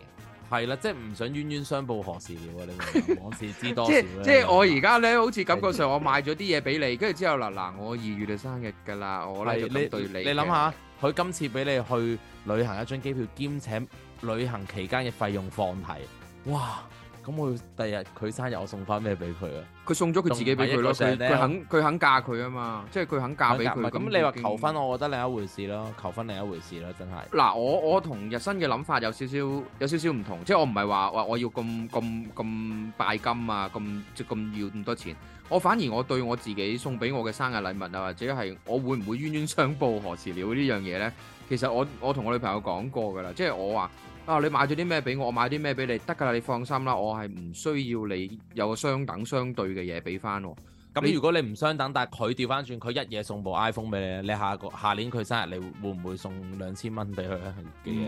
係啦，即係唔想冤冤相報何時了啊！你往事知多少即係、 即係即係、我而家咧，好似感覺上我買咗啲嘢俾你，跟住之後嗱嗱，我二月嘅生日噶啦，我咧對就對你，你，你諗下，佢今次俾你去旅行一張機票，兼請旅行期間嘅費用放題，哇！咁我第日佢生日我送翻咩俾佢啊？佢送咗佢自己俾佢咯，佢肯佢的肯，肯嫁佢啊嘛，即係佢肯嫁俾佢。咁樣你話求婚我，我覺得另一回事咯，求婚另一回事咯，真係。嗱，我我同日新嘅諗法有少少有少少唔同，即係我唔係話話我要咁咁咁拜金啊，咁即咁要咁多錢。我反而我對我自己送俾我嘅生日禮物啊，或者係我會唔會冤冤相報何時了樣呢樣嘢咧？其實我我同我女朋友講過噶啦，即係我話。啊！你買咗啲咩俾我？我買啲咩俾你？得㗎喇，你放心啦，我係唔需要你有個相等相對嘅嘢俾我。咁如果你唔相等，但係佢調翻轉，佢一嘢送一部 iPhone 俾你，你下個下年佢生日你會唔會送兩千蚊俾佢咧？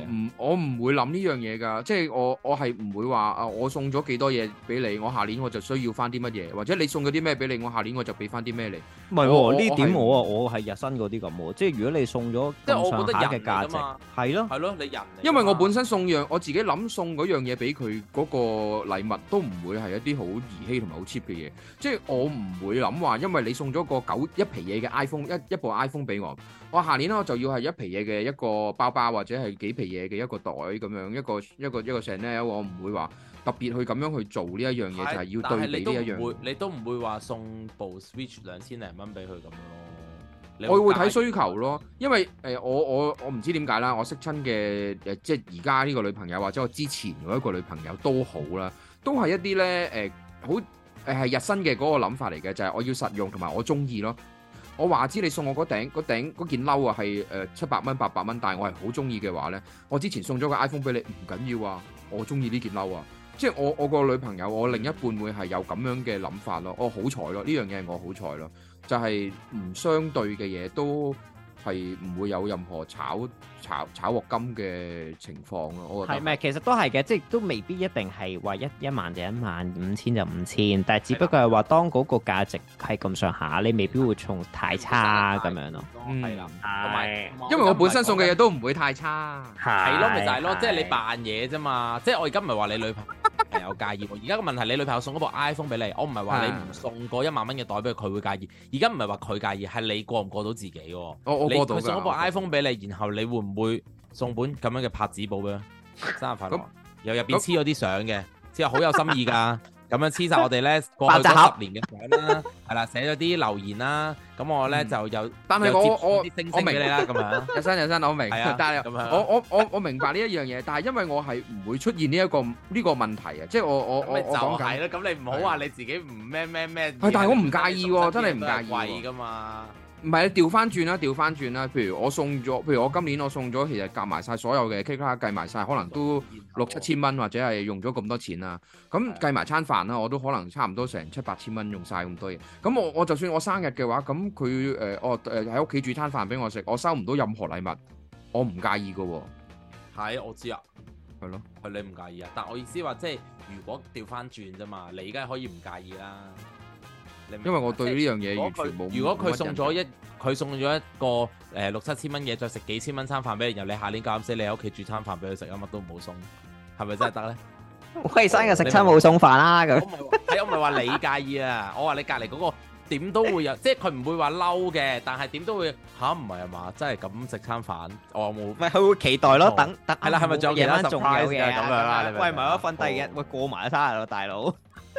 唔、嗯，我唔會諗呢樣嘢㗎，即係我我係唔會話啊，我送咗幾多嘢俾你，我下年我就需要翻啲乜嘢，或者你送咗啲咩俾你，我下年我就俾翻啲咩你。唔係喎，呢點我啊，我係日新嗰啲咁喎，即係如果你送咗，即係我覺得人嘅價值係咯係咯，你人。因為我本身送樣我自己諗送嗰樣嘢俾佢嗰個禮物都唔會係一啲好兒戲同埋好 cheap 嘅嘢，即係我唔會。你諗話，因為你送咗個九一皮嘢嘅 iPhone 一一部 iPhone 俾我，我下年我就要係一皮嘢嘅一個包包或者係幾皮嘢嘅一個袋咁樣一個一個一個 channel 咧，我唔會話特別去咁樣去做呢一樣嘢，對就係要對比呢一樣。你都唔會，你都唔會話送部 Switch 兩千零蚊俾佢咁樣咯。會，我會睇需求咯，因為誒我我我唔知點解啦，我，我，我，我識親嘅誒即係而家呢個女朋友或者我之前嗰一個女朋友都好啦，都係一啲咧誒好。欸誒係日新嘅嗰個諗法嚟嘅，就係、是、我要實用同埋我中意咯。我話知你送我嗰頂、嗰頂、嗰件褸啊，係誒七百蚊、八百蚊，但係我係好中意嘅話咧，我之前送咗個 iPhone 俾你唔緊要啊，我中意呢件褸啊，即係我我個女朋友、我另一半會係有咁樣嘅諗法咯。我好彩咯，呢樣嘢係我好彩咯，就係、是、唔相對嘅嘢都。係唔會有任何炒炒炒鑊金嘅情況咯，我覺得係咩？其實都係嘅，即係都未必一定係話一一萬就一萬，五千就五千，但係只不過係話當嗰個價值係咁上下，你未必會送太差咁對樣咯。同埋，因為我本身送嘅嘢都唔會太差，係咯，咪的就係咯，即係你扮嘢啫嘛，即係我而家唔係話你女朋 有介意，而家個問題，你女朋友送嗰部 iPhone 俾你，我唔係話你唔送個一萬蚊嘅袋俾佢，佢會介意。而家唔係話佢介意，係你過唔過到自己喎？你送嗰部 iPhone 俾你，然後你會唔會送本咁樣嘅拍紙簿呢？生日快樂，又入邊黐咗啲相嘅，之後好有心意噶。 咁樣黐曬我哋咧過十年嘅嘢啦，係啦，寫咗啲留言啦，咁我咧就又，但係我我我明，我明。有聲有聲，我明。係啊，但係我我我我明白呢一樣嘢，但係因為我係唔會出現呢一個呢個問題啊，即係我我我我講緊係咯，咁你唔好話你自己唔咩咩咩。係，但係我唔介意喎，真係唔介意。貴㗎嘛。唔係啊，調翻轉啦，調翻轉啦。譬如我送咗，譬如我今年我送咗，其實夾埋晒所有嘅 K 卡計埋晒可能都六七千蚊或者係用咗咁多錢啦。咁計埋餐飯啦，我都可能差唔多成七八千蚊用晒咁多嘢。咁我我就算我生日嘅話，咁佢誒，我誒喺屋企煮餐飯俾我食，我收唔到任何禮物，我唔介意嘅喎、哦。係，我知啊。係咯的，係你唔介意啊？但係我意思話，即係如果調翻轉啫嘛，你梗係可以唔介意啦。因為我對呢樣嘢完全冇。如果佢送咗一佢送咗一個誒六七千蚊嘢，再食幾千蚊餐飯俾你，由你下年夠膽死你喺屋企煮餐飯俾佢食，乜都唔好送，係咪真係得咧？喂，生日食餐冇送飯啦咁，係我唔係話你介意啊，我話你隔籬嗰個點都會有，即係佢唔會話嬲嘅，但係點都會吓唔係啊嘛？真係咁食餐飯，我冇。唔係佢會期待咯，等係啦，係咪仲有其他 surprise 嘅咁樣啦？喂，唔好分第二日，喂過埋三啊，大佬。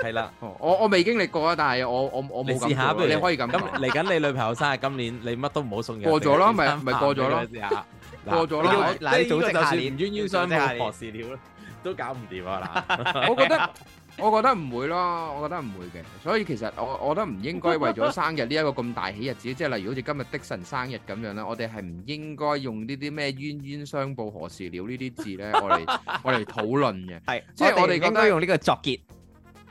係啦，我我未經歷過啊，但係我我我冇咁，你可以咁，咁嚟，緊你女朋友生日，今年你乜都唔好送嘢，過咗咯，咪咪過咗咯，過咗咯，組織就連冤冤相報何時了都搞唔掂啊。嗱，我覺得我覺得唔會咯，我覺得唔會嘅，所以其實我我覺得唔應該為咗生日呢一個咁大喜日子，即係例如好似今日的神生日咁樣啦，我哋係唔應該用呢啲咩冤冤相報何時了呢啲字咧，我嚟、我嚟討論嘅，係即係我哋應該用呢個作結。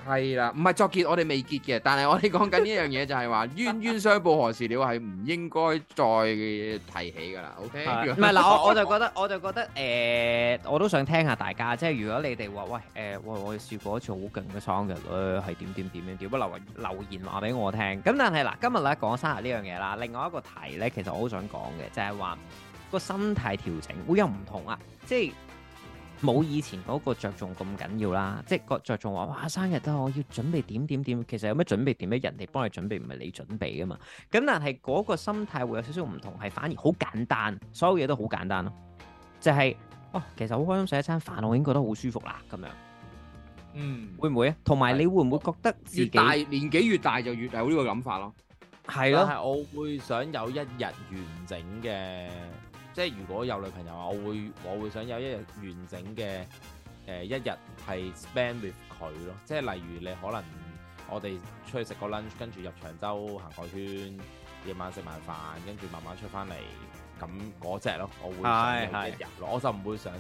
係啦，唔係作結，我哋未結嘅，但係我哋講緊呢樣嘢就係話 冤冤相報何時了係唔應該再提起噶啦，OK？唔係嗱，我如果 是我就覺得 我就覺得誒、呃，我都想聽下大家，即係如果你哋話喂誒，喂、呃、喂我試過一次好勁嘅倉嘅，誒係點點點點點，不留留言話俾我聽。咁但係嗱，今日咧講生日呢樣嘢啦，另外一個題咧，其實我好想講嘅就係話個心態調整會有唔同啊，即係。冇以前嗰個著重咁緊要啦，即係個着重話哇生日啊，我要準備點點點，其實有咩準備點咧？人哋幫你準備唔係你準備噶嘛。咁但係嗰個心態會有少少唔同，係反而好簡單，所有嘢都好簡單咯。就係、是、哦，其實好開心食一餐飯，我已經覺得好舒服啦。咁樣，嗯，會唔會啊？同埋你會唔會覺得自己大年紀越大就越有呢個諗法咯？係咯的，係我會想有一日完整嘅。即係如果有女朋友啊，我會我會想有一日完整嘅誒、呃、一日係 spend with 佢咯。即係例如你可能我哋出去食個 lunch，跟住入長洲行個圈，夜晚食埋飯，跟住慢慢出翻嚟，咁嗰隻咯，我會想嘅。係係是，我就唔會想。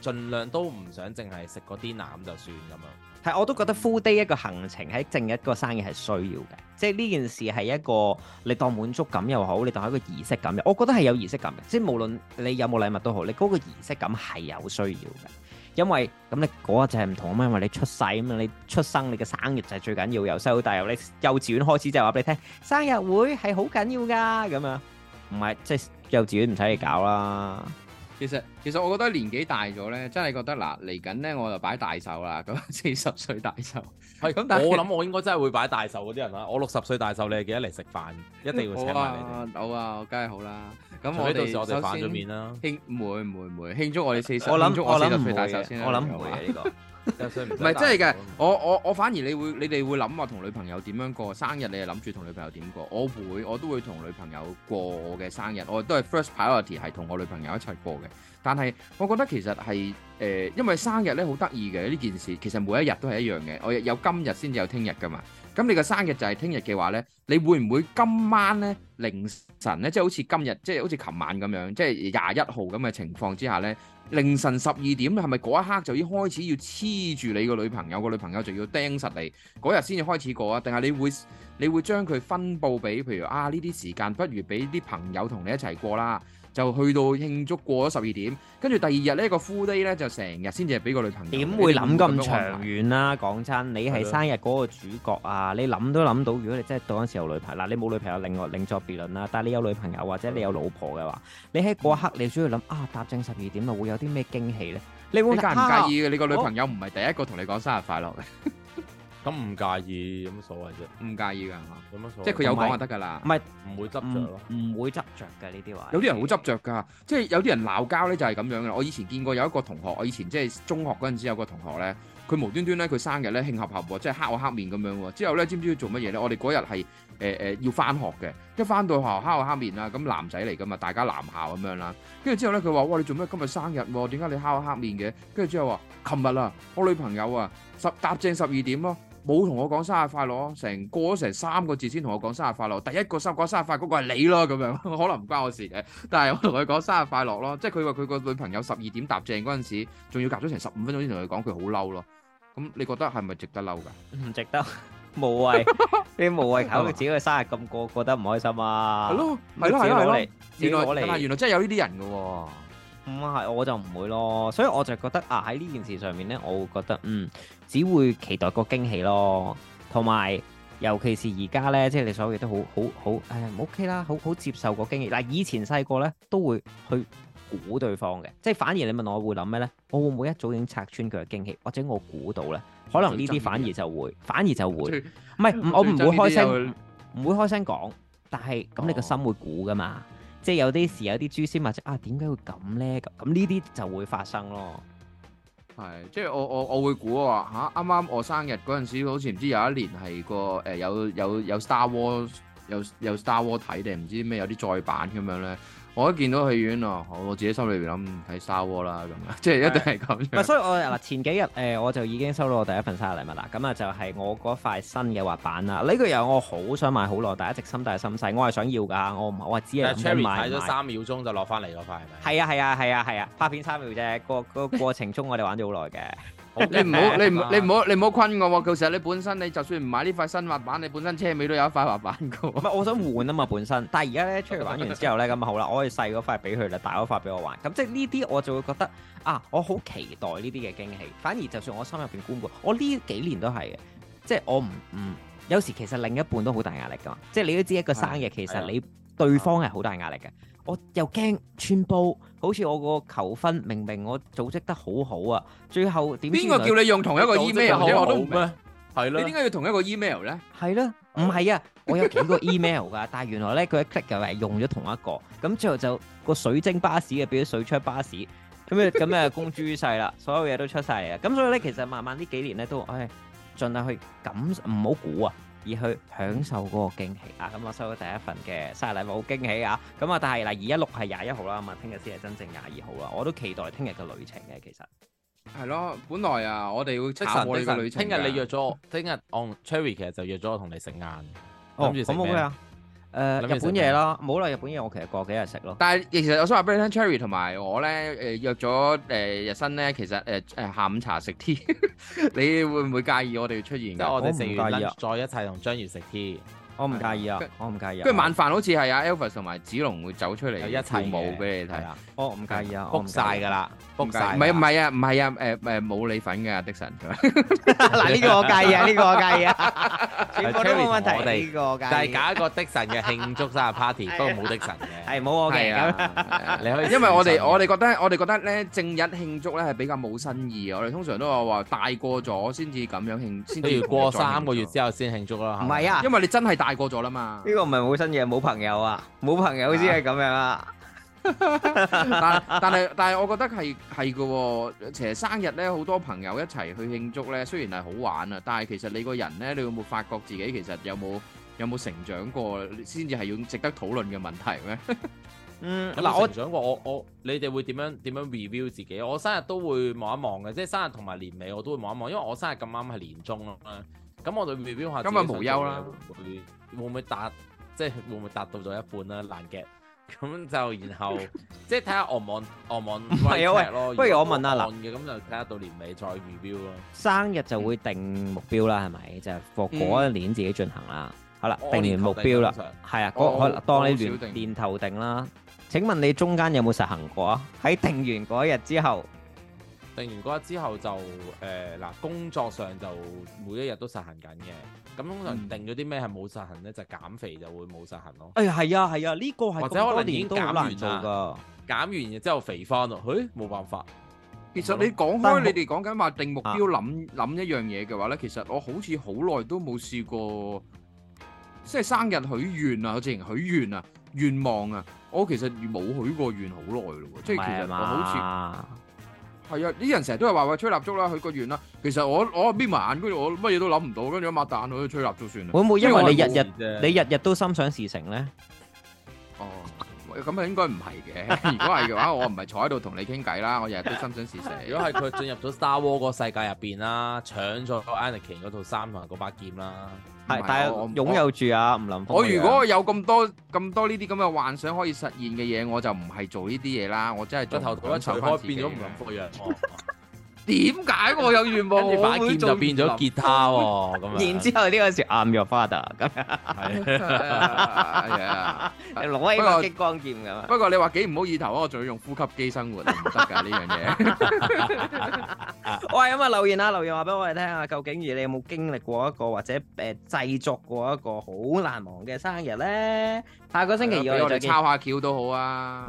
儘量都唔想淨係食個 dinner 就算咁樣，係我都覺得 full day 一個行程喺淨一個生日係需要嘅，即係呢件事係一個你當滿足感又好，你當係一個儀式感又好。我覺得係有儀式感嘅，即係無論你有冇禮物都好，你嗰個儀式感係有需要嘅。因為咁你嗰個就係唔同啊嘛，因為你出世咁嘛，你出生你嘅生日就係最緊要，由細到大由你幼稚園開始就係話俾你聽，生日會係好緊要噶咁啊，唔係即係幼稚園唔使你搞啦。其實其實我覺得年紀大咗咧，真係覺得嗱，嚟緊咧我就擺大壽啦，咁四十歲大壽係咁， 但係我諗我應該真係會擺大壽嗰啲人啦， 我六十歲大壽你係記得嚟食飯？嗯、一定會請埋你好啊，梗係 好啊、好啊、好啦。咁我哋 我哋反咗面啦。慶唔會唔會慶祝我哋四十？我諗我諗唔會嘅，我諗唔會呢個。唔係 真係嘅， 我我我反而你會，你哋會諗話同女朋友點樣過生日，你係諗住同女朋友點過？我會，我都會同女朋友過我嘅生日，我都係 first priority 係同我女朋友一齊過嘅。但係我覺得其實係誒、呃，因為生日咧好得意嘅呢件事，其實每一日都係一樣嘅。我有今日先至有聽日噶嘛。咁你個生日就係聽日嘅話呢，你會唔會今晚咧凌晨咧，即好似今日，即好似琴晚咁樣，即係廿一號咁嘅情況之下呢，凌晨十二點，你係咪嗰一刻就已經開始要黐住你個女朋友，個女朋友就要釘實你嗰日先至開始過啊？定係你會你會將佢分佈俾，譬如啊呢啲時間，不如俾啲朋友同你一齊過啦？就去到慶祝過咗十二點，跟住第二日呢個 full day 咧，就成日先至係俾個女朋友。點會諗咁長遠啦、啊？講真，你係生日嗰個主角啊！對對對你諗都諗到，如果你真係到嗰時候女朋友，嗱你冇女朋友另外另作別論啦、啊。但係你有女朋友或者你有老婆嘅話，你喺嗰一刻你主要諗啊，踏正十二點啦，會有啲咩驚喜呢？你，你介唔介意、啊、你個女朋友唔係第一個同你講生日快樂嘅。 咁唔介意有乜所謂啫？唔介意㗎，嚇有乜所謂？即係佢有講就得㗎啦，唔係唔會執着咯，唔會執着嘅呢啲話。有啲人好執着㗎，即係有啲人鬧交咧就係咁樣嘅。我以前見過有一個同學，我以前即係中學嗰陣時有個同學咧，佢無端端咧佢生日咧慶合合喎，即係黑我黑面咁樣喎。之後咧知唔知要做乜嘢咧？我哋嗰日係誒誒要返學嘅，一返到學校黑我黑面啦。咁男仔嚟㗎嘛，大家男校咁樣啦。跟住之後咧，佢話：哇，你做咩今日生日？點解你黑我黑面嘅？跟住之後話：琴日啊，我女朋友啊，十踏正十二點咯。冇同我講生日快樂哦，成過咗成三個字先同我講生日快樂。第一個三個生日快樂嗰個係你咯，咁樣可能唔關我事嘅。但係我同佢講生日快樂咯，即係佢話佢個女朋友十二點搭正嗰陣時，仲要隔咗成十五分鐘先同佢講，佢好嬲咯。咁你覺得係咪值得嬲噶？唔值得，無謂你無謂搞你自己個生日咁過，過得唔開心啊！係咯，係咯，原來原來原來真係有呢啲人噶。唔係，我就唔會咯，所以我就覺得啊，喺呢件事上面咧，我會覺得嗯。只會期待個驚喜咯，同埋尤其是而家呢，即係你所謂都好好好誒，OK 啦，好好接受個驚喜。嗱，以前細個呢，都會去估對方嘅，即係反而你問我，我會諗咩呢？我會唔會一早已經拆穿佢嘅驚喜，或者我估到呢，可能呢啲反而就會，反而就會，唔係，我唔會開聲，唔會開聲講有。但係咁你個心會估噶嘛？哦、即係有啲事有啲蛛絲或者啊，點解會咁呢？咁呢啲就會發生咯。係，即係我我我會估啊嚇，啱啱我生日嗰陣時，好似唔知有一年係個有有有 Star Wars 有有 Star Wars 睇定唔知咩有啲再版咁樣咧。我一見到戲院啊，我我自己心裏邊諗睇沙鍋啦，咁即係一定係咁。唔所以我嗱前幾日誒，我就已經收到我第一份生日禮物啦。咁啊，就係我嗰塊新嘅滑板啦。呢個又我好想買好耐，但係一直心大心細，我係想要㗎，我唔我只係諗買。睇咗三秒鐘就落翻嚟嗰塊。係啊係啊係啊係啊，啊，拍片三秒啫，個個 過，過程中我哋玩咗好耐嘅。 你唔好，你唔你唔好，你唔好困我喎。其實你本身你就算唔買呢塊新滑板，你本身車尾都有一塊滑板噶。 唔係，我想換啊嘛，本身。但係而家咧，出去玩完之後咧，咁好啦，我可以細嗰塊俾佢啦，大嗰塊俾我玩。咁即係呢啲，我就會覺得啊，我好期待呢啲嘅驚喜。反而就算我心入邊觀顧，我呢幾年都係嘅，即係我唔唔，嗯，有時其實另一半都好大壓力噶嘛。即係你都知一個生日的其實你的對方係好大壓力嘅。我又驚全部好似我個求婚，明明我組織得好好啊，最後點？邊個叫你用同一個 email 好咩？係啦，的你點解要同一個 email 咧？係啦，唔係啊，我有幾個 email 㗎， 但係原來咧佢 click 又、er、係用咗同一個，咁最後就個水晶巴士嘅表水出巴士，咁啊咁啊公諸於世啦，所有嘢都出晒嚟啊，咁所以咧其實慢慢呢幾年咧都，唉、哎，盡量去咁唔好估啊。而去享受嗰個驚喜啊！咁我收到第一份嘅生日禮物，好驚喜啊！咁啊，但係嗱，而家錄係廿一號啦，咁啊，聽日先係真正廿二號啦。我都期待聽日嘅旅程嘅，其實係咯。本來啊，我哋會出我哋嘅旅程，聽日你約咗我，聽日哦 Cherry 其實就約咗我同你食晏。哦，好冇㗎？誒、呃、日本嘢啦，冇啦，日本嘢我其實過幾日食咯。但係其實我想話俾你聽 Cherry 同埋我咧誒、呃、約咗誒、呃、日新咧，其實誒誒、呃、下午茶食 tea 你會唔會介意我哋出現？得 我哋成完再一齊同章魚食 tea 我唔介意啊，我唔介意。跟住晚飯好似係啊，Elvis 同埋子龍會走出嚟一齊跳舞俾你睇。我唔介意啊，覆曬㗎啦，覆曬。唔係唔係啊，唔係啊，誒誒冇你份㗎的神佢。嗱呢個我介意啊，呢個我介意啊，全部都冇問題。呢個我介意。就係搞一個的神嘅慶祝生日 party，不過冇的神嘅。係冇我哋啊，你可以。因為我哋我哋覺得我哋覺得咧，正日慶祝咧係比較冇新意，我哋通常都話話大過咗先至咁樣慶，先不如過三個月之後先慶祝啦。唔係啊，因為你真係大。大過咗啦嘛。呢個唔係冇新嘢，冇朋友啊，冇朋友先係咁樣啦。但但係但係，我覺得係係嘅。其實生日咧，好多朋友一齊去慶祝咧，雖然係好玩啊，但係其實你個人咧，你有冇發覺自己其實有冇有冇成長過，先至係要值得討論嘅問題咩？嗯，嗱，我成長過，我我你哋會點樣點樣 review 自己？我生日都會望一望嘅，即係生日同埋年尾，我都會望一望，因為我生日咁啱係年中啦。咁我哋目標話今日無憂啦，會唔會達即係會唔會達到咗一半啦？難嘅。咁就然後即係睇下我望我望，唔係啊喂，不如我問啊嗱，咁就睇下到年尾再 review 咯。生日就會定目標啦，係咪就係過嗰一年自己進行啦？好啦，定完目標啦，係啊，嗰嗱當你年頭定啦。請問你中間有冇實行過？喺定完嗰日之後。定完嗰日之後就誒嗱、呃，工作上就每一日都實行緊嘅。咁通常定咗啲咩係冇實行咧，就減肥就會冇實行咯。哎呀，係啊係啊，呢、啊這個係咁多年都難做噶，或者我哋已經減完，減完之後肥翻咯。嘿、欸，冇辦法。其實你講開，你哋講緊話定目標，諗諗、啊、一樣嘢嘅話咧，其實我好似好耐都冇試過，即、就、係、是、生日許願啊，之前許願啊，願望啊，我其實冇許過願好耐咯，即、就、係、是、其實我好似。係啊，啲人成日都係話，喂，吹蠟燭啦，許個願啦。其實我我閉埋眼，跟住我乜嘢都諗唔到，跟住一擘大眼，佢都吹蠟燭算啦。算會唔會因為你日日你日日都心想事成咧？哦，咁啊應該唔係嘅。 如果係嘅話，我唔係坐喺度同你傾偈啦。我日日都心想事成。如果係佢進入咗 Star Wars 個世界入邊啦，搶咗 Anakin 嗰套衫同嗰把劍啦。係，但係我擁有住啊吳林峯。啊、我，我，我如果我有咁多咁我多呢啲咁嘅幻想可以實現嘅嘢，我就唔係做呢啲嘢啦。我真係出頭頭一籌翻自己。變咗吳林峯嘅人。 點解我有願望？把劍就變咗吉他喎，咁。然之後呢個係 I'm your father 咁，係攞起個激光劍咁。不過你話幾唔好意頭啊？我仲要用呼吸機生活唔得㗎呢樣嘢。喂咁啊，留言啦，留言話俾我哋聽下，究竟而你有冇經歷過一個或者誒製作過一個好難忘嘅生日咧？下個星期二我哋就敲下橋都好啊。